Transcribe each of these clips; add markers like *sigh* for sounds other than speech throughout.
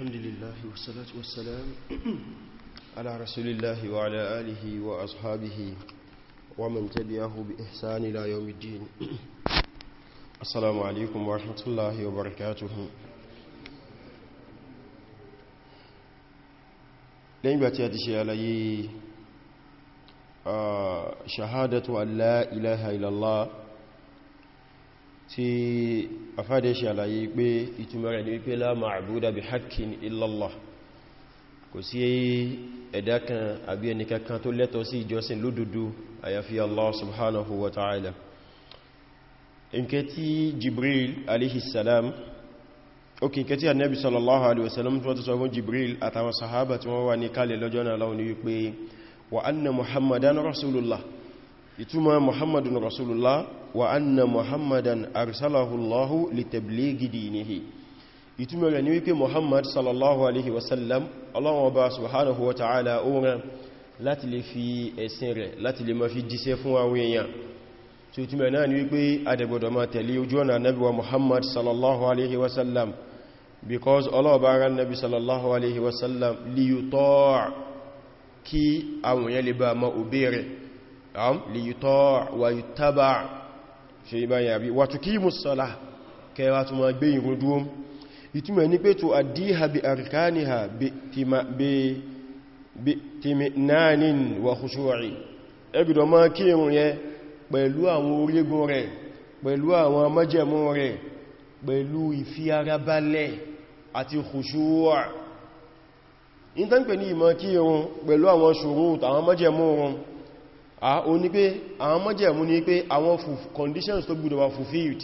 الحمد لله والصلاة والسلام *clears throat* على رسول الله وعلى آله وأصحابه ومن تبعه بإحسان إلى يوم الدين *clears throat* السلام عليكم ورحمة الله وبركاته لن باتي علي آه، شهادة أن لا إله إلا الله tí afáde ṣe àlàyé pé ìtumọ̀ rẹ̀ ní wípé la ma'buda bi haqqin illallah kò sí ẹ̀dá kan àbí ẹnìkankan tó lẹ́tọ̀ọ́ sí ìjọsìn lódodo àyàfi Allah subhanahu wa ta'ala nke tí Jibril alayhi salam òkè nke tí annabi sallallahu alaihi wasallam tó tó sọ fún Jibril ìtumọ̀ muhammadun rasulullah wa anna muhammadan arsalahullahu litabligi dinihi ìtumọ̀ rẹ̀ ni wípé muhammad sallallahu alaihi wasallam ọlọ́wọ́ bá subhanahu wa ta'ala oran láti lè fi ẹ̀sìn rẹ̀ láti lè ma fi jíṣẹ́ fún àwọn èèyàn so ìtumọ̀ náà ni wípé adẹ̀gbọ̀dọ̀ ma tẹ̀lé ojú because ọlọ́wọ́ bá ran nabi sallallahu alaihi wasallam liyutọ́ kí àwọn èèyàn lè am li yuta wa yutaba ṣe ibayin abi wa tuqimu salah kai wa tuma gbé ìrun dúró ìtumọ̀ ni pé to addiha bi arkaniha bi tima bi bi timnanin wa khushu'i ebido kí ìrun yẹ pẹ̀lú àwọn orígun rẹ̀ pẹ̀lú àwọn a o ní pé àwọn mọ́jẹ̀mú ní pé àwọn conditions to gbọ́dọ̀ wà fulfilled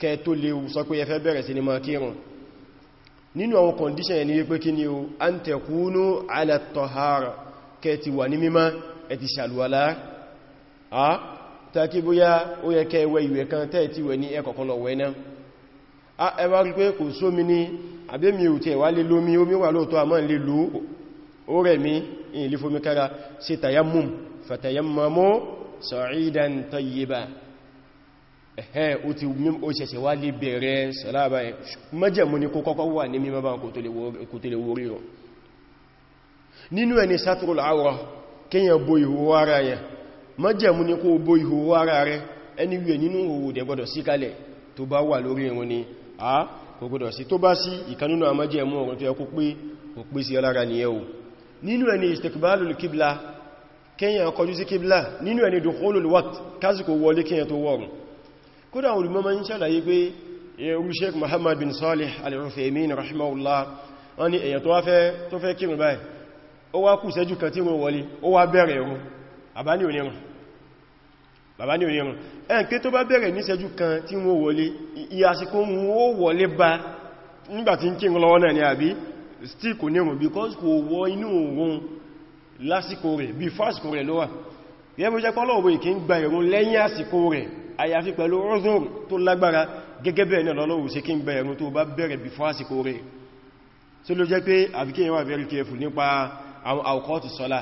kẹ tó lè sọ pé ẹfẹ́ bẹ̀rẹ̀ sí ni máa kírùn nínú àwọn condition ní pé kí o an takunu ala tahara kẹ ti wà ní mímọ́ ẹ ti ṣàlùwàlá a tàkí bóyá ó yẹ kẹ wẹ ìwẹ̀ kan tẹ́ ti wẹ̀ ní ẹkọ̀kan lọ wẹ̀ náà a ẹwà rí pé kò sómi ní àbẹ́mi ò tẹ̀ wá lè lómi omi wà lóòtọ́ àmọ́ lè lò ó rẹ̀ mi ìlú fomi kára ṣe tayammum fatayammamu sa'idan tayyiba ẹ̀hẹ́ o ti o ṣẹ̀ṣẹ̀ wá lè bẹ̀rẹ̀ sọ́lábà ẹ̀ mẹ́jẹ̀mú ní kọ́kọ́ wà ní mímọ́ bá kò tó lè wórí rọ nínú ẹni satrul awra kíyàn bo ìhòhò ara yẹn mẹ́jẹ̀mú ní kó bo ìhòhò ara rẹ ẹni wíẹ̀ nínú òwò dẹ̀ gbọ́dọ̀ sí kalẹ̀ tó bá kíyàn kọjú sí kíblá nínú ẹni dukhulul waqt kásìkò wọlé kíyàn tó wọ́rùn kódà olùmọ́ ma ń ṣàlàyé pé ẹ̀rù sheik Muhammad bin Salih al-Uthaymin rahimahullah wọ́n ni èyàn tó fẹ́ kírun báyìí ó wá kù sẹ́jú kan tí wọ́n wọlé ó wá bẹ̀rẹ̀ ẹ̀rù bàbá ní onírun ẹn pé tó bá bẹ̀rẹ̀ ní sẹ́jú kan tí wọ́n wọlé ìyàsíkò wọn ó because kò wọ lásìkò rẹ̀ bí fásìkò rẹ̀ lówà yẹ́bù jẹ́ pọ́lọ̀wọ̀ ìkí ń gba ìrun lẹ́yìn àsìkò rẹ̀ àyàfi pẹ̀lú uzur tó lágbára gẹ́gẹ́ bẹ́ẹ̀ náà lọ́lọ́wọ̀ sí kí ń gba ìrun tó bá bẹ̀rẹ̀ bí fásìkò rẹ̀ tí ló jẹ́ pé wà very careful nípa àwọn àwọ̀kọ́tù sọ́lá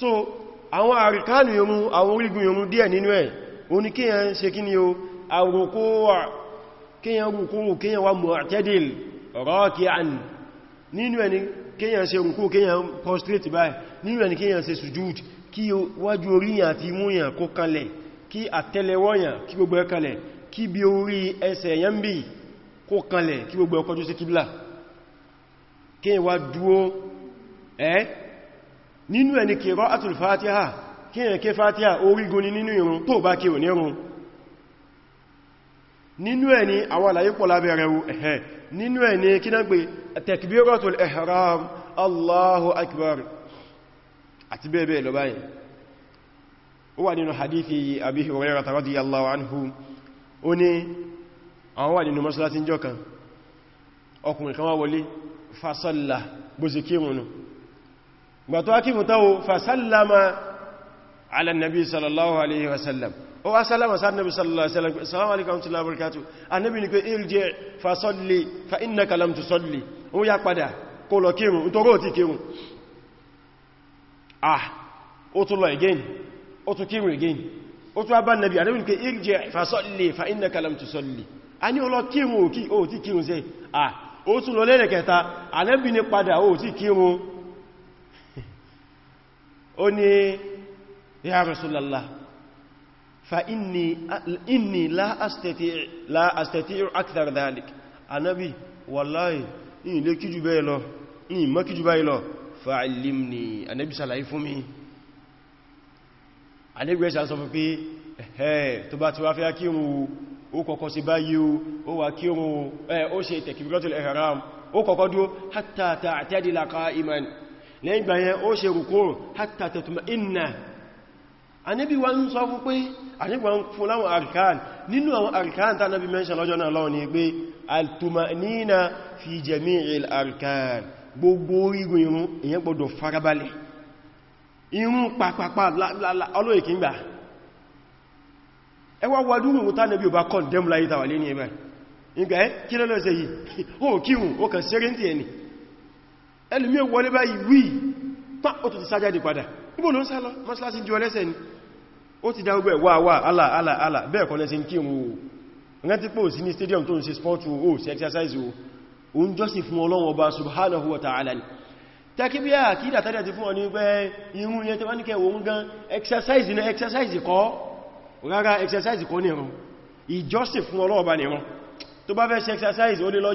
so àwọn àríkánù ìrun àwọn orígun ìrun díẹ̀ nínú ẹ̀ o ní kí yẹn ṣe nínú ẹni kíyàn ṣe rùkú kíyàn prostrate báyìí nínú ẹni kíyàn ṣe sujúd kí wájú oríyàn àti imúyàn kó kalẹ̀ kí àtẹ́lẹwọ́yàn kí gbogbo ẹ kalẹ̀ kí bí orí ẹsẹ̀ yẹn bí kó kalẹ̀ kí gbogbo ẹ kọjú sí kíblà kíyàn wá dúó ẹ́ nínú ẹni kí rọ́ àtùl fatiha nínú ẹ̀ ni àwọn àlàyé pọ̀ lábẹ̀rẹ̀ ẹ̀hẹ́ nínú ẹ̀ ni kí náà pé takbiratul ihram Allahu akbar àti bẹ́ẹ̀bẹ́ẹ̀ lọ báyìí ó wà nínú hadithi Abi Hurairah radiyallahu anhu ó ní àwọn wà nínú mọ́sálásí jọ kan ọkùnrin kan wá wọlé fasalla bó sì kírùnù gbàtọ́ akírùn fasallama ala sallallahu alaihi wasallam ó wá sálámà sáà nabi sallallahu alaihi wasallam salamu alaikum tí lábúrkátù annabi ni pé irje fa salli fa innaka lam tusalli ó yá padà kó lọ kírun nítorí ó ti kírun ah ó tún lọ again ó tún kírun again ó tún abá nabi annabi ni pé irje fa salli fa innaka lam tusalli a ní ó lọ ó ní ya rasulallah fa'inni láàstẹ̀tí akthar dhalik anábi wallahi in lè kíjú bẹ́ẹ̀ lọ in mọ́ kíjú báyìí lọ fa'allimni anábi sàlàyé fún mi anábi ẹ̀ṣà sọ fún pé ẹ̀ẹ́ tó bá ti wá fẹ́ kírun ó kọ́kọ́ sí báyìí ó wà kírun ó ṣe takbiratul ihram ó Ànábì wa ń sọ fún pé Ànábì wa ń fún láwọn arkan nínú àwọn arkan tá Ànábì mention lọ́jọ́ náà lọ́wọ́ ni pé al-tumanina fi jami'il arkan gbogbo orígun irun èyàn gbọdọ̀ farabalẹ̀ irun pàpàpà ọlọ́ìkín gbà ẹwà wàdúrù ohun tá Ànábì bá kọ́ dẹ́m láyé tàwà lé ní ẹbẹ̀ nígbà ẹ́ kí lọ́lọ́ ṣe yìí *laughs* ó kíhùn ó kàn sẹ́rẹ́ntì ẹni ẹlùmí wọlé báyìí wí pá ó tó sájáde padà níbò ló ń sá lọ mọ́sílásí jọ lẹ́sẹ̀ ni ó ti dá gbogbo ẹ̀wà wà àlà àlà àlà bẹ́ẹ̀ kọ́ lẹ́sẹ̀ kí òun rántí pò sí ní stadium tó ń ṣe sport o sí exercise o o ń jọ́sìn fún Ọlọ́run ọba subhanahu wa ta'ala ni takibia àkídà tàdà ti fún ọ ní pé irun yẹn tí wọ́n ní kẹwọ́ ń gan exercise ní exercise kọ́ rárá exercise kọ́ nìran ìjọ́sìn fún Ọlọ́run ọba nìran tó bá fẹ́ ṣe exercise ó lè lọ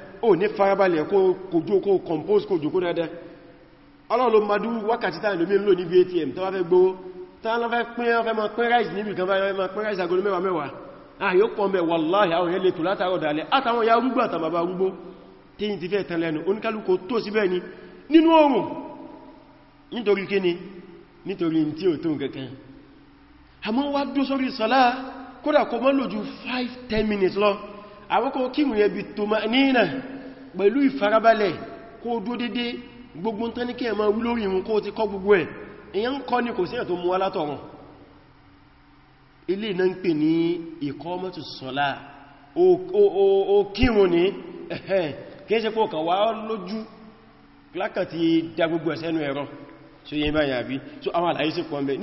o ní farabalẹ̀ kójú kó compose kójú kó dáadáa ọlọ́run ló madú wákàtí táà lómi ń lò níbi atm tó wá fẹ́ gbówó táà lọ pín ọfẹ́ ma pín rice níbi kan fẹ́ ma pín rice agolo mẹ́wàá mẹ́wàá ààyò pọ̀ mẹ́ wàláhì àwọn ya rúgbà tàbàbà rúgbó tí yìí ti fẹ́ tán lẹ́nu lọ àkọ́kọ́ kírùn yẹ bí tó máa níìnà pẹ̀lú ìfarabalẹ̀ kó dó dédé gbogbo tán ní kí ẹ máa wí lórí ìrun kó ti kọ́ gbogbo ẹ̀ èyàn kọ́ ní kò síyàn tó mú alátọ̀run ilé iná ń pè ní ìkọ́mọ́tù o kírùn ní kí ṣe pọ̀ kàn wá lójú plákà ti dá gbogbo ẹ̀ sẹ́nu ẹ̀rọ so yẹn báyà bí so àwọn àlàyé sí pọ̀ mẹ́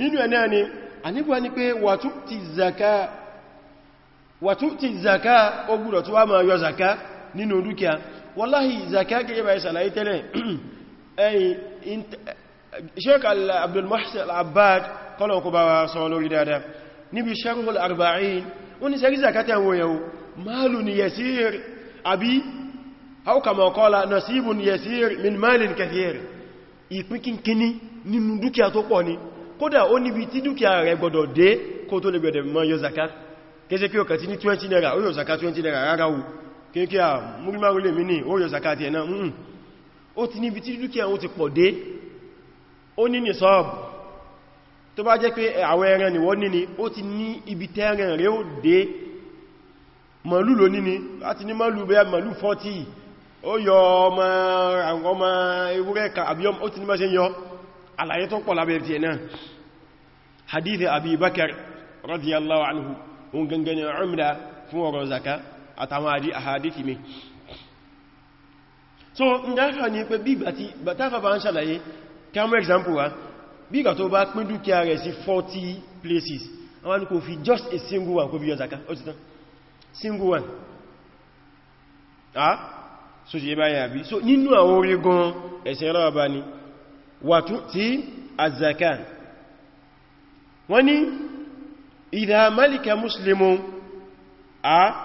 wàtútì zaka ó gbúdọ̀ tó wá máa yọ zaka nínú dúkìá wallahi zaka gẹ́gẹ́ bá ìsàlàyé tẹ́lẹ̀ *clears throat* ẹ̀yìn sheik abdulmahsin al'abbad kọ́lọ̀n kó bá wa sọ lórí dada níbi sharhul arba'in wọ́n ni sẹ́rí zaka tẹ́ nasibu ni min malin kathir ìpínkín kíní ni kódà ó níbi tí dúkìá rẹ̀ gbọdọ̀ dé kó kéèsẹ́ kí o kà tí ní 20 naira ó yọ zaka 20 naira rárá o kéèkẹ́ à múrímárù lè mini ó yọ zaka ti ẹ̀nà mún ó ti níbi tí dúkìá ó ti pọ̀ dé ó ní ní sọ́ọ̀bù tó bá jẹ́ pé àwọ ẹran ni wọ́n níni ó ti ní ibi tẹ́rẹn rẹ̀ ó dé màlúù ló níni láti ní màlúù bẹ́ẹ̀ màlúù 40 ti ní mọ́ṣe yọ àlàyé Abi Bakr radiyallahu òun gangan ni umda fún ọ̀rọ̀ zaka àtàwọn àdí àhàdìtì mi so n dáfà ní pé bí ìgbà táfà ń ṣàlàyé kámọ́ example wa bí ìgbà tó bá pín dúkìá rẹ̀ sí 40 places àwọn ni kò fi just a single one kò fi yọ zaka ó ti tán single one ah so ṣe báyà bí so nínú àwọn orí gan ẹ̀sẹ̀ rọ́wà bá ni wà tún ti azaka wọ́n ni idha malika muslimun a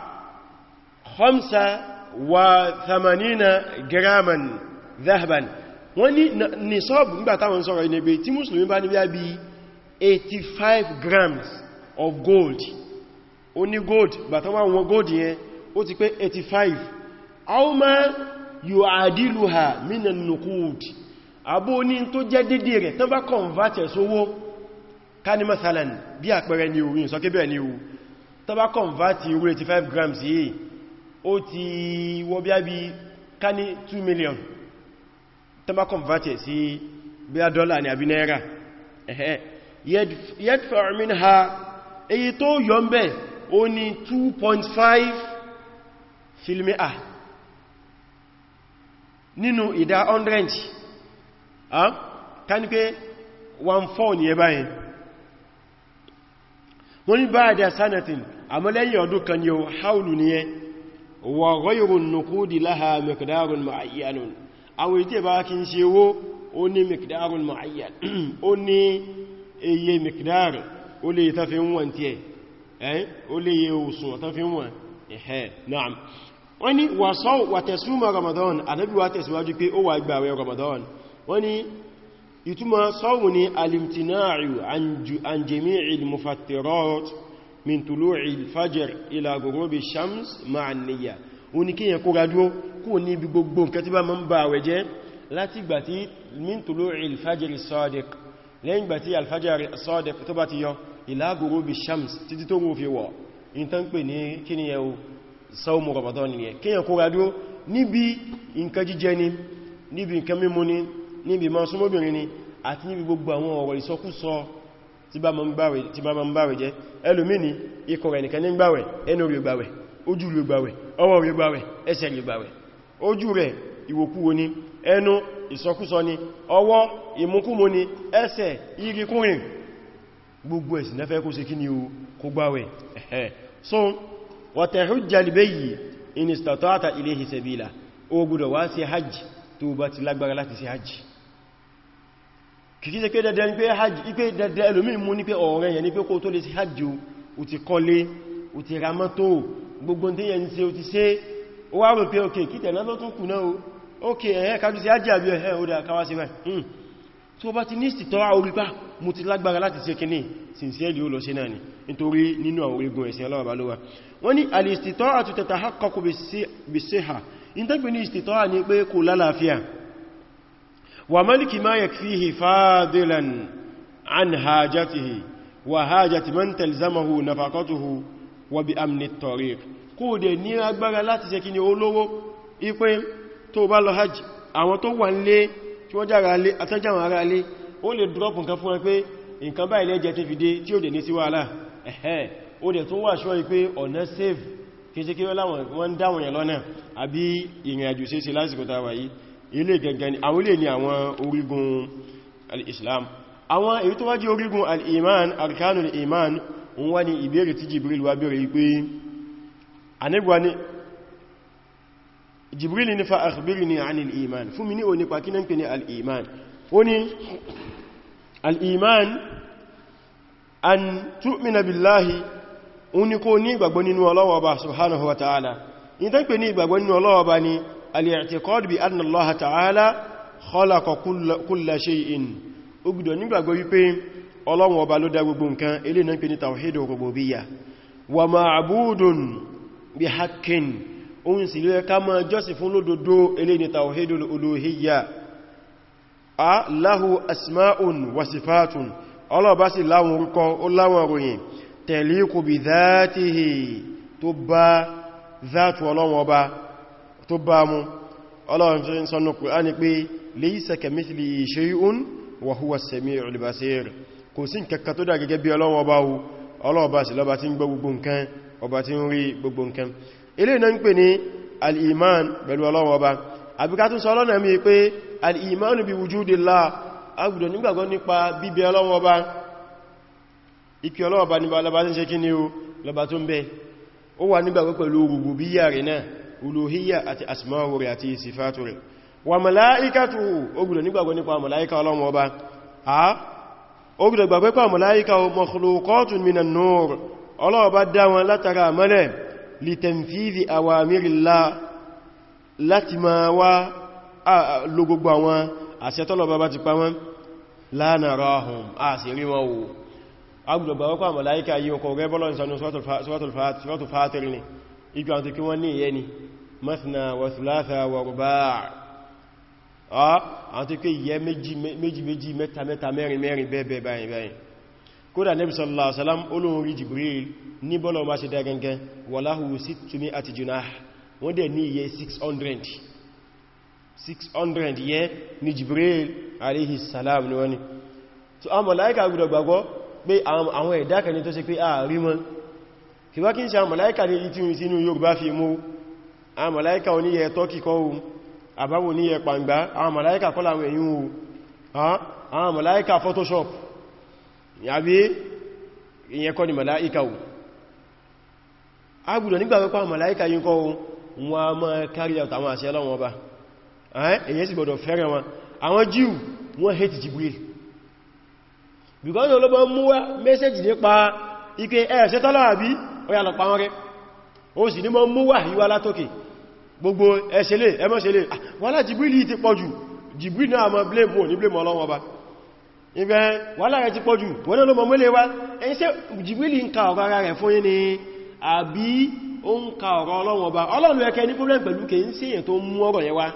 khamsa wa thamanina graman dhahaban wọ́n ní nisọ́bù nígbà táwọn sọ̀rọ̀ inegbe tí musulmi bá ní bí 85 grams of gold ó ní gold bàtán wà wọn gold yẹn ó ti pé 85 auma yu'adiluha minan nuqud abó ní tó jẹ́ dédé rẹ̀ tán bá convert ẹ̀ sówó so káni mathalan bí àpẹẹrẹ ni orin sọ kébẹ̀ ni o tó bá convert irú 85 grams yìí ó ti wọ́ bí á bí káni 2 million tó bá convert sí bí á dọ́là ní àbí náírà ẹ̀hẹ́ yadfa' minha èyí tó yọ ń bẹ̀ ó ní 2.5 filmi'a nínú ìdá 100 ká ní pé 1.4 ni ẹ wọ́n ní báadà sanatin àmọ́ lẹ́yìn ọdún kan yóò haulu ni ẹ wà ghayrun nukudi láha mekdarun ma'ayyanun àwọn ìtẹ́ bá kí n ṣe owó ó ní mekdarun ma'ayyan ó ní iye mekdar ó lè tafi wọn tí ẹ ó ìtumọ̀ sọ́wọ́ ni alimtina'u an jami'il mufattirat min tulu'il fajr ila ghurubi shams ma'an niyya ó ní kíyàn kó gajó kó ní ibi gbogbo nǹkan tí bá mọ́ ń bá àwẹ̀ jẹ́ láti gbà tí min tulu'il fajr sadiq lẹ́yìn gbà tí alfajr sadiq tó bá ti yọ ila shams títí tó rúfi wọ̀ in tán pè ní kíni yẹ sọ́wọ́ Ramadan ni kíyàn kó gajó níbi nǹkan jíjẹ ni níbi nǹkan mímu ni níbi ma súnmọ́bìnrin ni àti níbi gbogbo àwọn ọ̀rọ̀ ìsọkúsọ tí bá ma ń báwẹ̀ jẹ́ ẹlòmí ni ikọ̀ rẹ̀ nìkan ní gbáwẹ̀ ẹnu rí gbáwẹ̀ ojú rí gbáwẹ̀ ọwọ́ rí gbáwẹ̀ ẹsẹ̀ rí gbáwẹ̀ ojú rẹ̀ ìwòkúwo ni ẹnu ìsọkúsọ ni ọwọ́ ìmúkúmu ni ẹsẹ̀ irikúnrin gbogbo ẹ̀sìn so wàtẹ̀hújjá lè bẹ́yìí in istata'ta ilayhi sabila ó gbọ́dọ̀ wá sí hajj tó bá ti kìí ṣe pé dandan ní pé hajj ipé dandan ẹlòmí mú ní pé ọ̀rẹ́ yẹn ní pé kó tó lè sí hajj o ti kọ́lé o ti ra gbogbo tí yẹn ṣe o ti ṣe o wá rò pé ok kí tẹ̀lá lọ tó kù náà o ok ẹ̀hẹ́ kájú sí hajj àbí ẹ̀hẹ́ hmm. o dà káwá sí rẹ̀ tó bá ti ní ìsìtọ́ra orí pá ah, mo ti ni nítorí nínú àwọn orígun وملك ما يكفيه فاضلا عن حاجته وحاجة من تلزمه نفقته وبأمن الطريق kò dẹ̀ ní agbára láti ṣe kí ni olówó ipé tó bá lọ hajj àwọn tó wà nílé tí wọ́n jára lé àtẹ́jáwọn ara lé ó lè drop nǹkan fún ẹ pé nǹkan bá ilẹ̀ jẹ́ tí fi dé tí ó dẹ̀ ní sí wàhálà ẹ̀hẹ́ ó dẹ̀ tún wà ṣọ́ ipé ọ̀nà save kí ṣe kí wọ́n dáwọn yẹn lọ́nà àbí ìrìn àjò ṣe ṣe lásìkò tàwà yìí ilé gẹ̀gẹ̀ ni àwọn ilé ni àwọn orígun al-islam àwọn èyí tó wá jẹ́ orígun al-iman arkanul iman wọ́n wá ní ìbéèrè tí jibril wá béèrè wípé anẹ́gbà ni jibril ni fa akhbirni anil iman fún mi ní òní pa kínan pè ní al ó ní al an tu'mina al-i'tiqad bi anna Allah ta'ala khalaqa kulla shay'in ó gbọ́dọ̀ nígbàgbọ́ wípé Ọlọ́run ọba ló dá gbogbo nǹkan ilé náà pè ní tawhid rububiyya wa ma'budun bi haqqin òun sì lè ká máa jọ́sìn fún lódodo ilé ní tawhid uluhiyya a lahu asma'un wa sifatun tó bá mú ọlọ́run jẹ́ ń sọ́nà Kùránì pé laysa kamithlihi shay'un wa huwa as-sami'ul basir kò sí nǹkankan tó dà gẹ́gẹ́ bí ọlọ́run ọba wu ọlọ́run ọba sí lọ́ba tí ń gbọ́ gbogbo nǹkan ọba tí ń rí gbogbo nǹkan ilé iná ń pè ní al-iman pẹ̀lú ọlọ́run ọba àbíká tún sọ bá lọ́ba kí ni o lọ́ba tó ń bẹ ó wà nígbàgbọ́ pẹ̀lú rùgbùbíyà rẹ̀ náà uluhiyya àti asma'u rẹ̀ àti sifatu rẹ̀ wa mala'ikatu ogudo nígbàgbọ́ nípa mala'ika Ọlọ́run ọba a ogudo gbàgbọ́ pa mala'ika makhluqatun minan nur Ọlọ́run bá dá wọn látara mọ́lẹ̀ litanfidhi awamirillah láti máa wá lo gbogbo àwọn àṣẹ tọ́lọ́run bá ti pa wọ́n la narahum a sì rí wọn wò agbùdọ̀ yíò kọ̀ rẹ́bọ́lọ́ ìsànú suratul fatir ni àti kí wọ́n ní ìyẹni mathna wa thulatha wa ruba' àwọn tó pé ìyẹ́ méjì méjì mẹ́ta mẹ́ta mẹ́rin mẹ́rin bẹ́ẹ̀bẹ́ báyìí báyìí kódà Nabi sallallahu alaihi wasallam olóhun rí Jibril ní bọ́lọ̀ ma ṣe dágangan walahu sittimi'ati junah wọ́n dẹ̀ ní iye 600 600 yẹ ní Jibril alaihi salam ni wọ́n ni so àwọn màláíkà gbọ́dọ̀ gbàgbọ́ pé àwọn ẹ̀dá kan ni tó ṣe pé ààrí wọn kìbákí ń ṣe àwọn màláíkà ní ìtìrìn sínú Yorùbá fi mú àwọn màláíkà oníyẹ tọ́kì kọ́ o àbáwò oníyẹ pàǹgbá àwọn màláíkà kọ́ láwọn èyí o àwọn màláíkà photoshop yàbí ìyẹn ni màláíkà o a gbùdọ̀ nígbà pẹ́pẹ́ àwọn màláíkà yìí kọ́ o wọn a máa kárí àwọn àṣẹ Ọlọ́run ọba èyí sì gbọ́dọ̀ fẹ́ràn wọn àwọn Jíù wọ́n hate Jibril because olóbọn mú wá mẹ́sẹ̀jì nípa ó sì ní mọ́ mú wá yíwá gbogbo ẹ̀ṣẹ̀lẹ̀ ẹmọ́ṣẹ̀lẹ̀ wọ́lá jìbìlì ti pọ̀jù jìbìlì náà mọ́ blame wọn ní blame ọlọ́wọ́ bá ibẹ̀ wọ́lá rẹ̀ ti pọ̀jù wọ́n ló mọ̀ mọ́lẹ̀ wá ẹ̀yìn sẹ́ jìbìlì ń ka ọ̀rọ̀ ara rẹ̀ fún yín ni àbí ó ń ka ọ̀rọ̀ ọlọ́wọ́ bá ọlọ́run ẹ̀kẹ́ ní problem pẹ̀lú kèyí sí èyàn tó mú ọ̀rọ̀ yẹn wá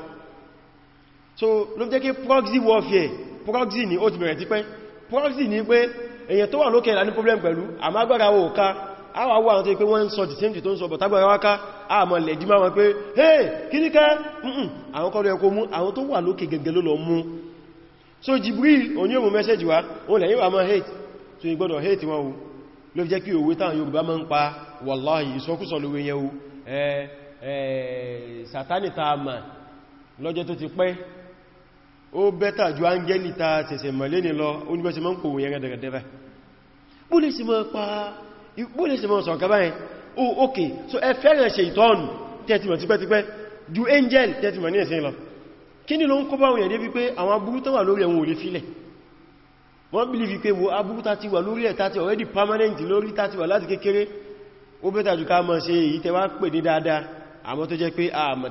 so ló jẹ́ kí proxy warfare proxy ni ó ti bẹ̀rẹ̀ tipẹ́ proxy ni pé èyàn tó wà lókè lá ní problem pẹ̀lú àmágbára òka àwọn àwọn àwọn tó pé wọ́n ń sọ dìsẹ́mtì tó ń sọ bọ̀ tágbà wáká àmọ́ lẹ̀dí máa wọn pé hey kíníká àwọn kọ́lọ̀ ẹkọ mú àwọn tó wà lókè gẹ̀gẹ̀ ló lọ mú so Jibril oníòmù mẹ́sẹ̀jì wá òun lẹ́yìn wà mọ́ hate so ìgbọ́dọ̀ hate wọn o ló fi jẹ́ kí pa wàláhì ìsọkúsọ lówe yẹn o sàtánì ta mà lọ́jọ́ tó ti pẹ́ ju áńgẹ́lì ta sẹ̀sẹ̀ mọ̀lẹ́ni lọ oníbẹ̀sẹ̀ mọ́ ń pòwò yẹn rẹ̀dẹ̀rẹ̀dẹ̀rẹ̀ bó lè sì mọ́ pa bó ní ṣe mọ́ sọ̀rọ̀ kaba oh ok so ẹ fẹ́ràn ṣe ìtọ́nù tẹ́tìmọ̀ tipẹ́tipẹ́ ju angel tẹ́tìmọ̀ ní ẹ̀sìn lọ kí ni ló ń kó bá wọn yẹ̀dẹ́ wípé àwọn aburú tó wà lórí ẹ̀wọ̀n òlè filẹ̀ wọ́n believe pé wo aburú already permanent lórí tá ti wà láti kékeré ó bẹ́ta jù ká mọ́ ṣe èyí tẹ́wà pè ní dáadáa àmọ́ tó jẹ́ pé a mọ̀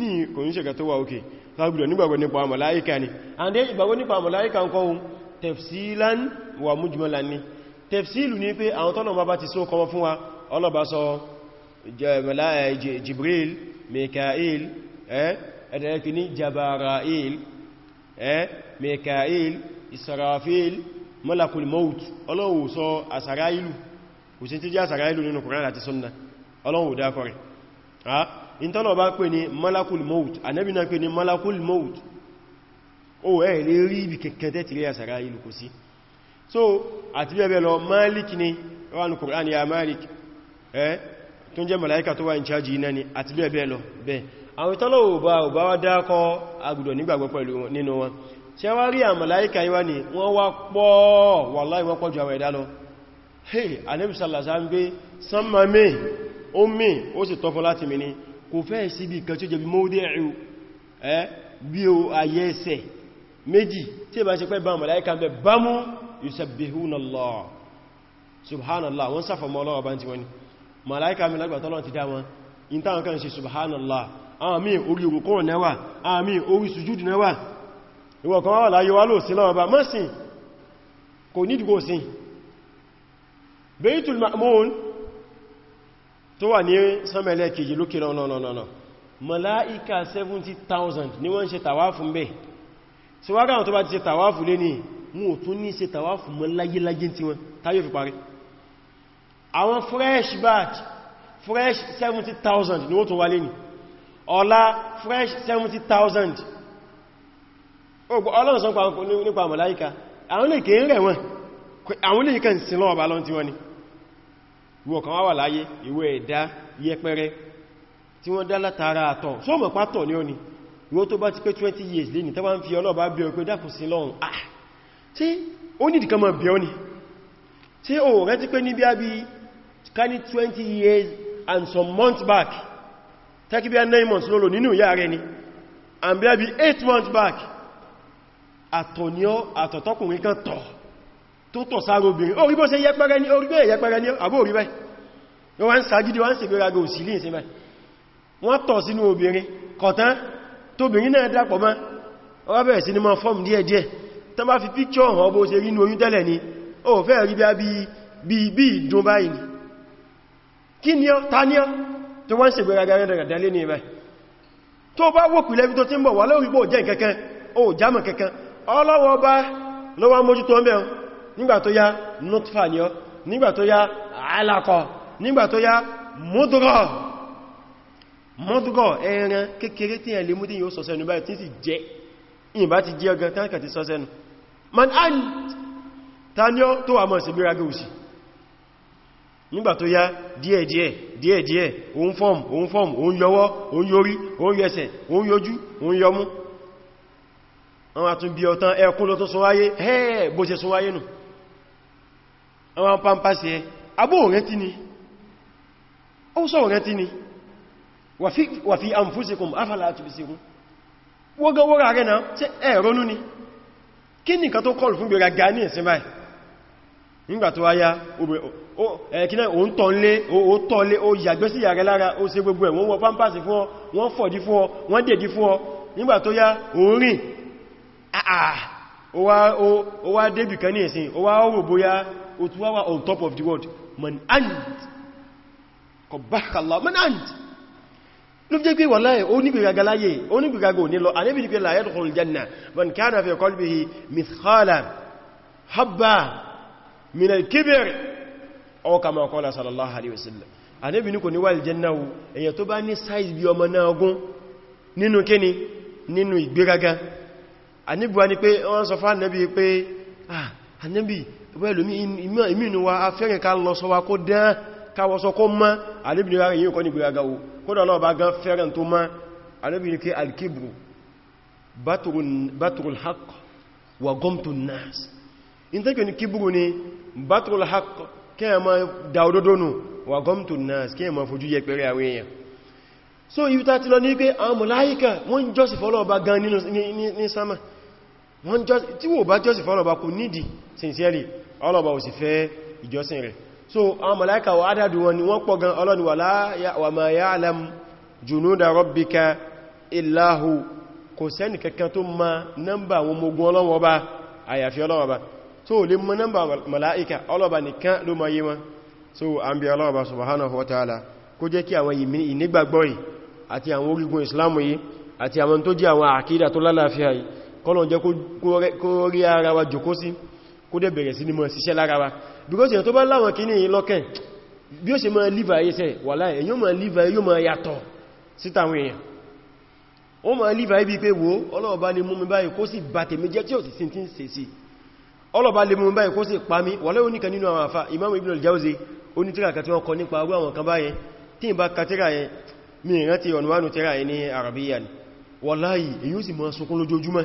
ni kò ní ṣẹ̀gà tó wà òkè fagbùdọ̀ nígbàgbọ́ nípa àmàláíkà ni tafsilan wa mujmalan ni tefsilu ní pé àwọn tọ́lọ̀ bá ti só kọmọ fún wa ọlọ́bá sọ jibril mikael ẹ̀dẹ̀ẹ́kì ní jabarail mikael israfil malakul maut ọlọ́wọ̀ sọ asarailu kò sí tí jẹ́ asarailu nínú Kùránì àti sunna ọlọ́wọ̀ dákọrẹ̀ ìntọ́lọ̀ bá pè malakul maut ànábì náà malakul maut ó ẹ̀ lè rí ibi asarailu kò so àti bẹ́ẹ̀ lọ malik ni wọ́n kùrán ya malik ẹ́ tó jẹ́ màláíkà tó wà ní chájì iná ni àti bẹ́ẹ̀ lọ bẹ́ẹ̀ àwọn ìtọ́lọ̀ òbá òbá wá dákọ́ agbùdọ̀ nígbàgbọ́ pẹ̀lú nínú wọn tí a wá rí àmàláíkà yíwá ni wọ́n wá pọ̀ wàláì wọ́n pọ̀ ju àwọn ẹ̀dá lọ hey Ànábì sallasa ń gbé sánmà mí ó mí ó sì bí o ayẹ́ ẹsẹ̀ méjì tí ìbá ṣe pẹ́ bá àmàláíkà bẹ̀ bámú yusabbihuna Allah subhanallah wọ́n sáfà mọ́ ọlọ́wọ́ bá ń ti wọ́n ni màláíkà mi lágbàtọ́lọ́n ti dá wọn in táwọn kan ṣe subhanallah àmì orí òkúrò náwà àmì orí sujúdù náwà ìwọ̀ kan wà láyé wá lóòsí lọ́wọ́ bá mọ́sìn kò ní dùgbò sí Baitul Ma'mun tó wà ní sánmẹ́lẹ̀ kejì lókè lọ́nà ni wọ́n ṣe tàwáfù ń bẹ̀ tí wákàwọn tó mú ò tún ní ṣe tàwáfù mọ́ láyéláyé tí wọ́n táyé fi parí àwọn fresh batch fresh 70,000 ni ó tún wálé ní ọ̀la fresh 70,000 ọlọ́run sọ nípa màláíkà àwọn lè kèé rẹ̀ wọn àwọn lè kàn sí lọ́wọ́ bá lọ́n tí wọ́n ni wọ́n kan wà láyé ìwé ẹ̀dá yẹpẹrẹ tí wọ́n dá látara àtọ̀ só mọ̀ pátọ̀ ní ni wọ́n tó bá ti pé 20 years tí ó ní ìdíkan mọ̀ bí ó ní tí ó rẹ̀ ti pé ní bí a bí káni 20 years and some months back tẹ́kí bí a 9 months lólo nínú ìyá rẹ̀ ni and bí a bí 8 months back àtọ̀níọ́ àtọ̀tọ́kùnrin kan tọ̀ tó tọ̀ sára obìnrin orí bó ṣe yẹpẹrẹ ní orí bẹ́ẹ̀ yẹpẹrẹ ní àbó orí bẹ́ẹ̀ wọ́n ń sagídí wọ́n ń sègbéraga òsìlì ìsinmi wọ́n tọ̀ sínú obìnrin kọ̀tán tóbìnrin náà dápọ̀ mọ́ ọwọ́ bẹ̀rẹ̀ sí ni mọ́ fọ́ọ̀mù díẹ̀díẹ̀ tán bá fi píkṣọ́ hàn bó ṣe inú oyún tẹ́lẹ̀ ni ó fẹ́ rí bí bí ìdún báyìí kí ni ọ́ ta ní ọ́ tó wọ́n ṣe gbẹ̀rẹ̀ gẹ̀rẹ̀ dẹ̀lẹ́ ní ibẹ̀ tó bá wò pìlẹ̀ ibi tó ti ń bọ̀ wà lórí bó jẹ́ kẹ́kẹ́ ó jámọ̀ kẹ́kẹ́ ọlọ́wọ́ bá lọ́wọ́ mójú tó ń bẹ̀ nígbà tó yá nutfa ní ọ́ nígbà tó kékeré tí ẹ̀ tí yóò sọ báyìí tí sì jẹ́ ìbá ti jẹ́ ọgán tánkà ti sọ man ant taniọ́ tó wà mọ́ sí míragé òsì nígbà tó yá díẹ̀díẹ̀ díẹ̀díẹ̀ òun fọ́m òun fọ́m òun yọwọ́ òun yọrí òun yẹsẹ̀ òun yọjú òun yọmú àwọn àtún bí ọ̀tán ẹkún lọ tó sọ wáyé ẹ́ẹ̀ bó ṣe sọ wáyé nù àwọn pampasì ẹ abó rẹ̀tí ni ó sọ rẹ̀tí ni wà fi anfusikum afala tubsirun wọ́gọ́wọ́gọ́ rẹ̀ náà ṣe ẹ̀rọnú ni kí ní nǹkan tó kọlù fún gbèrà ga ní ìsin báyìí nígbà tó wáyá ẹ̀kínà ò ń tọ́nlé ó tọ́lé ó yàgbé sí yàrẹ lára ó wọ pampasi fún ọ wọ́n fọ̀dí fún ọ wọ́n dèdí fún ọ nígbà tó yá ó ó wá débì kan ní ìsin ó wá rò bóyá on top of the world man and kọ̀bákàlá man and ló jẹ́ pé wàláyé onígbègaga láyé onígbègaga òní lọ anẹ́bìdì pé la yadkhulul janna man kana fi qalbihi mithqala habba min al-kibr aw kama qala sallallahu alaihi wasallam anẹ́bìdì kò ní wà aljanna wo èyàn tó bá ní size bí ọmọ náà gún nínú kíni nínú ìgbéraga anẹ́bì wa ni pé wọ́n sọ fún anẹ́bì pé ah anẹ́bì wẹ́lùmí ìmìnú wa afẹ́rẹ̀ ká lọ sọ wa káwọsọ kó mọ́ alébìnrin rárá yíò kọ́ ní gbéraga o kódà náà bá gan fẹ́ràn tó mọ́ alébìnrin kí alkibru batrul haq wa gomtu nas in tẹ́kẹ̀ ní kíburu ni batrul haq kí ma da wa gomtu nas kí ẹ ma fojú yẹpẹrẹ so ibi ta ti lọ ní pé àwọn mọ̀láyíkà wọ́n jọ́sì fọ́lọ́ọ̀bá gan ní sánmà tí wò bá jọ́sì fọ́lọ́ọ̀bá kò sincerely ọlọ́ọ̀bá ò sì fẹ́ ìjọsìn rẹ̀ so àwọn màláíkà wà ádádù wọn ni wọ́n pọ̀ gan ọlọ́ni wà ma ya'lam junuda rabbika illa hu kò sẹ́ni kankan tó ma nọ́mbà àwọn ọmọogun ọlọ́wọ́ bá àyàfi ọlọ́wọ́ bá tó lè mọ́ nọ́mbà màláíkà ọlọ́ba so an bí ọlọ́wọ́ bá subhanahu wa ta'ala kó jẹ́ kí àwọn ìnígbàgbọ́ yìí àti àwọn orígun islamu yìí àti àwọn tó jẹ́ àwọn kó dẹ̀ bẹ̀rẹ̀ sí ní mọ́ síṣẹ́ lára wa because èyàn tó bá láwọn kìíní yìí lọ́kàn bí ó ṣe mọ́ líva ayé sẹ́ wàláhì èyàn mọ́ líva yóò mọ́ yàtọ̀ síta èèyàn ó wo ọlọ́ọ̀bá lè mú mi báyìí kó sì bà tèmi jẹ́ tí ó sì sin tí ń ṣe sí ọlọ́ọ̀bá lè mú mi báyìí kó sì pa mí wàláhì oníkan nínú àwọn àfà Imam Ibn al-Jawzi onítírà kan èyí ó sì mọ́ sunkún lójoojúmọ́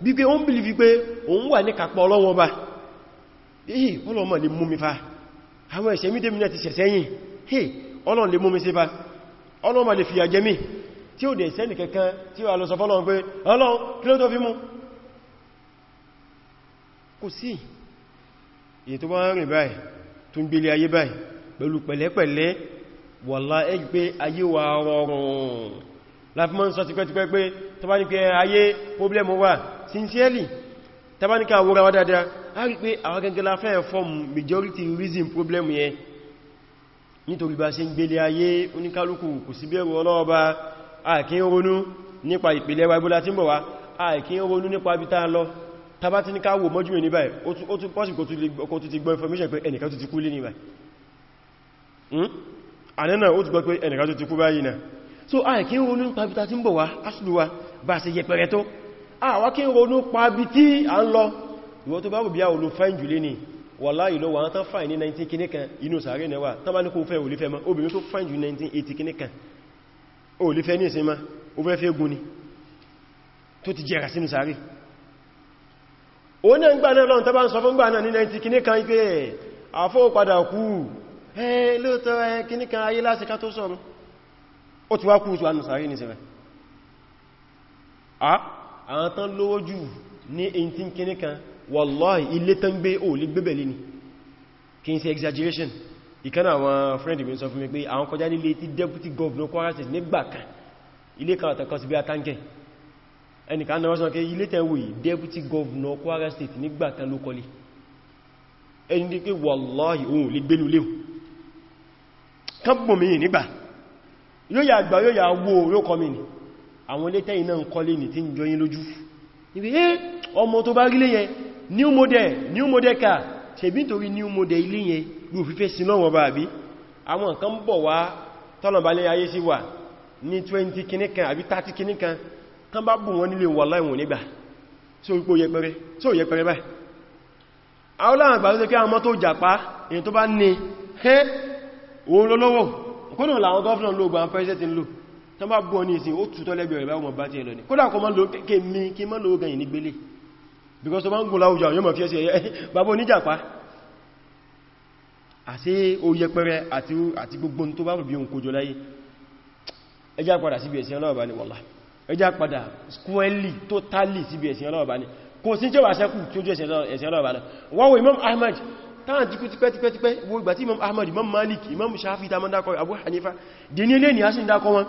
bí pé ó ń bìlì wípé òun wà ní kàpọ̀ ọlọ́wọ́ bá èyí ọlọ́mọ̀ lè mú mi fa àwọn ẹ̀ṣẹ̀ mi dèmi náà ti ṣẹ̀ṣẹ̀ yìn hey ọlọ́n lè mú mi sí fa ọlọ́mọ̀ lè fìyà jẹ mí tí ó dẹ̀ sẹ́nì kankan tí ó alọ́sọ fọ́lọ́n tó bá ní pé ayé problem wà sincerely tó bá ní ká wúra wá dáadáa a rí pé àwọn gẹ́gẹ́lá fẹ́ fọ́m majority reason problem yẹn nítorí bá ṣe ń gbélé ayé oníkálukú kò sí bẹ̀rù ọlọ́ọba àkí ń ronú nípa ìpìlẹ̀ wa ibúlá tí ń bọ̀ wá àkí ń ronú nípa ibi tá lọ tàbá tí ní ká wò mọ́jú information pé ẹnìkan tún ti kú lé ní báyìí hmm? ànẹ́nà ó tún gbọ́ pé ẹnìkan so àkí ń ronú nípa ibi tá tí ń bọ̀ wá asùlùwà bá ṣe yẹpẹrẹ tó ah, àwa kí ń ronú pa bí tí a ń lọ ìwọ tó bá bù bí a olú fáìn jù lé ní wàlá ìlọ wà tán fáìn ní 19 kìíní kan inú sàárè náà tán bá ní kó fẹ́ olífẹ́ ma obìnrin tó fáìn jù 19 kìíní kan olífẹ́ ní ìsinmi ó fẹ́ fẹ́ gún ni tó ti jẹ́ra sínú sàárè òun náà ń gbà náà lọ́n tán bá ń sọ fún gbà náà ní 19 kìíní kan ipé àfọ́ padà kú ẹ lóòtọ́ ẹ kìíní kan ayé lásìká tó sọ̀rọ̀ ó ti wá kú ìtù ànù sàárè ní ìsinmi àwọn tán lówó jù ní 18 kìíní kan wallahi ilé tán gbé ò lè gbébẹ̀lé ni kí n ṣe exaggeration ìkánà àwọn friend mi sọ fún mi pé àwọn kọjá nílé tí deputy governor Kwara State nígbà kan ilé kan àtàkọ́ sí bí atánkẹ́ ẹnìkan náà sọ pé ilé tẹ́wò yìí deputy governor Kwara State nígbà kan ló kọlé ẹni ní pé wallahi òun lè gbélu léwu kán bùnmi nígbà yóò yà àgbà yóò yà wó àwọn ilé tẹ́yìn náà ń kọ́lé ní tí ń jọyín lójú ìwé ẹ́ ọmọ tó bá rílé yẹn new model new model car ṣebí nítorí new model ilé yẹn yóò fífẹ́ sí lọ́wọ́ bá àbí àwọn nǹkan ń bọ̀ wá tọ́lọ̀bálẹ̀ ayé sí wà ní 20 kìníkan àbí 30 kìníkan tán bá bù wọn nílé wà láìwọ̀n nígbà tí ó yẹpẹrẹ báyìí àwọn láwọn àgbà ló tẹ́ tán bá bú ọ ní ìsìn ó tútọ́ lẹ́gbẹ̀ẹ́ rẹ̀ báwọn bá ti ẹ̀lọ ní kódà kọ mọ́ ló kéèké mi kí mọ́ lóògán yìí nígbélé because ọba ń gùn láwùjọ yóò mọ̀ fi ẹsẹ̀ ẹ̀ *laughs* bàbá oníjàpá àti oyẹpẹrẹ àti gbogbo tó bá bí ohun kójọ láyé ẹjá padà síbi ẹ̀sìn ọlọ́ọ̀bá ni wọ́lá ẹjá padà squarely totally síbi ẹ̀sìn ọlọ́ọ̀bá ni kò sí jẹ́ wàṣẹ́kù tó jẹ́ ẹ̀sìn ọlọ́ọ̀bá ni wọ́n wo Imam Ahmad táwọn tí kú ti pẹ́tipẹ́tipẹ́ wo ìgbà tí Imam Ahmad Imam Malik Imam Shafi tamandakọ Abu Hanifa dé ní ilé a sì ń wọn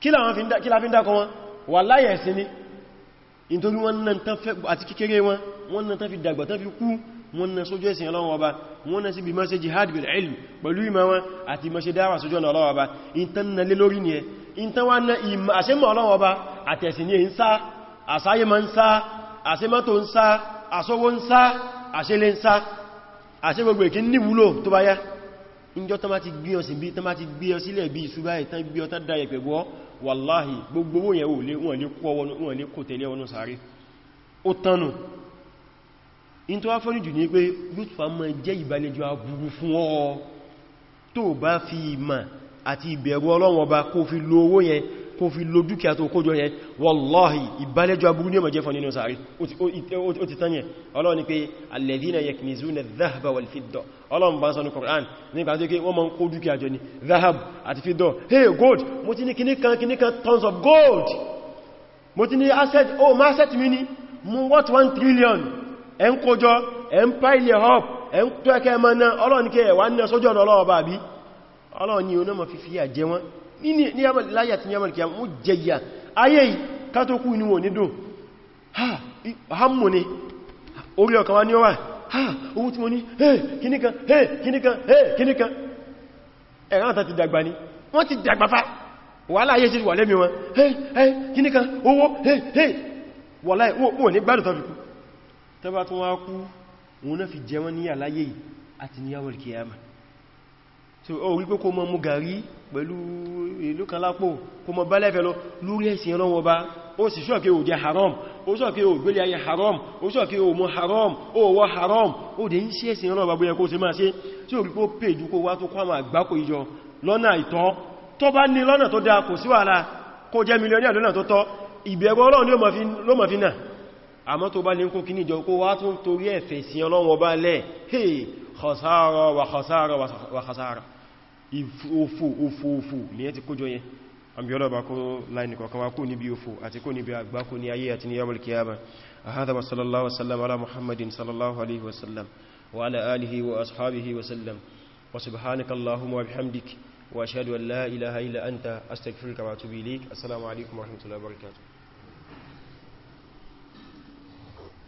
kí la fi ń dákọ wọn wà láyẹ̀ sí ní nítorí wọn náà tán fẹ́ àti kékeré wọn wọn náà tán fi dàgbà tán fi kú wọn náà sójú ẹ̀sìn Ọlọ́run ọba wọn náà sí bí máa jihad bil ilm pẹ̀lú ìmọ̀ wọn àti máa ṣe dáwà sójú Ọlọ́run ọba na lé lórí ni ẹ intan wá ná ìmọ̀ àṣẹ́mọ̀ Ọlọ́run ọba àtẹ̀sìn ní ń sá àsáyé ma ń sá àṣẹ́mọ́tò ń sá àṣọwó níjọ́ tán bá ti gbé ọsí bí tán bá ti gbé ọ sílẹ̀ bí ìṣúbá ìtàn gbé ọ tán dá ẹ̀pẹ̀ bọ́ wàláhì gbogbo owó yẹn wọ́n ní kó wọnú wọ́n ní kò tẹ̀lé wọnú sáré ó tánu in tó owó yẹn kó fi lo dúkìá tó kójọ yẹn wallahi ìbálẹ́jọ abúrú ní ọmọ jẹ́ fún nínú sàárì ó ti tán yẹn ọlọ́run ni pé alladhina yaknizuna dhahaba wal fidda ọlọ́run bá ń Qur'an nígbà tó kí wọ́n mọ́ kó dúkìá àti fidda hey gold mo ti ní kìníkan kìníkan tons of gold mo ti ní asset oh my asset mi ni mo what one trillion ẹ̀ ń kójọ ẹ̀ ń pile e up ẹ̀ tó ẹkẹ́ mọ́ náà ọlọ́run ni kí ẹ̀wà ń ná sójọ́ ọlọ́run ni onámọ̀ fífí àjẹ́ wọn ní láyé àti yamal kìí mú jẹyà ayé kátókù inú wọn ní dùn ha mú ní orí ọkàn wá ní ọwà ha owó tí mo ní kíníkan kíníkan kíníkan ẹ̀rán àtàtì dàgbà ní wọ́n ti dàgbà fa wàhálà ayé sí wà lẹ́mí wọn kíníkan owó wọ́lá ìwọ̀n ní gbádùn tọ́fikú tẹ́bà tún wá kú òun náà fi jẹ wọ́n ní àláyé àti níyàwó kìí ó wípé kó mọ mú gàrí pẹ̀lú ìlú kan lápò kó mọ bá lẹ́fẹ́ lọ lórí ẹ̀sìn ọlọ́wọ́ bá ó sì ṣọ́kẹ́ ò jẹ haram ó ṣọ́kẹ́ ò gbélé ayé haram ó ṣọ́kẹ́ ò mọ haram ó wọ haram ó dẹ̀ ń ṣe ẹ̀sìn ọlọ́wọ́ bóyẹ kó ṣe máa ṣe tí ó rí pó pèjú kó wá tó kwàmà àgbákò ìjọ lọ́nà ìtọ́ tó bá ní lọ́nà tó dáa kò sí wàhálà kó jẹ́ mílíọ̀nì lọ́nà tó tọ́ ìbẹ̀rù Ọlọ́run ló mọ̀ fi náà àmọ́ tó bá ní kó kíní kó wá tún torí ẹ̀fẹ̀ sí ọlọ́wọ́ bá lẹ̀ hey khasara wa khasara wa khasara òfò òfò òfò lèyẹ ti kójọ yẹn àbíọ́lọ́bà kó láì nìkọ̀kan wá kó níbi òfò àti kó níbi àgbá kó ní ayé àti ní yawmal qiyamah هذا وصلى الله وسلم على محمد صلى الله عليه وسلم وعلى آله وأصحابه وسلم وسبحانك اللهم وبحمدك وأشهد أن لا إله إلا أنت أستغفرك وأتوب إليك السلام عليكم ورحمة الله وبركاته